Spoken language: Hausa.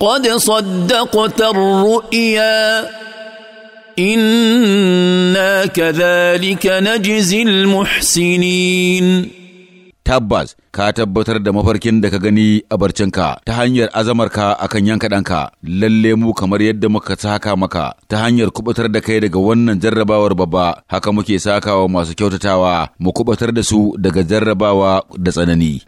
قد صدقت الرؤيا إنا كذلك نجزي المحسنين tabbas ka tabbatar da mafarkin da ka gani a barcinka ta hanyar azamarka akan yanka ɗanka lallai mu kamar yadda muka saka maka ta hanyar kuɓatar da kai daga wannan jarrabawar babba haka muke sakawa masu kyautatawa mu kuɓatar da su daga jarrabawa da tsanani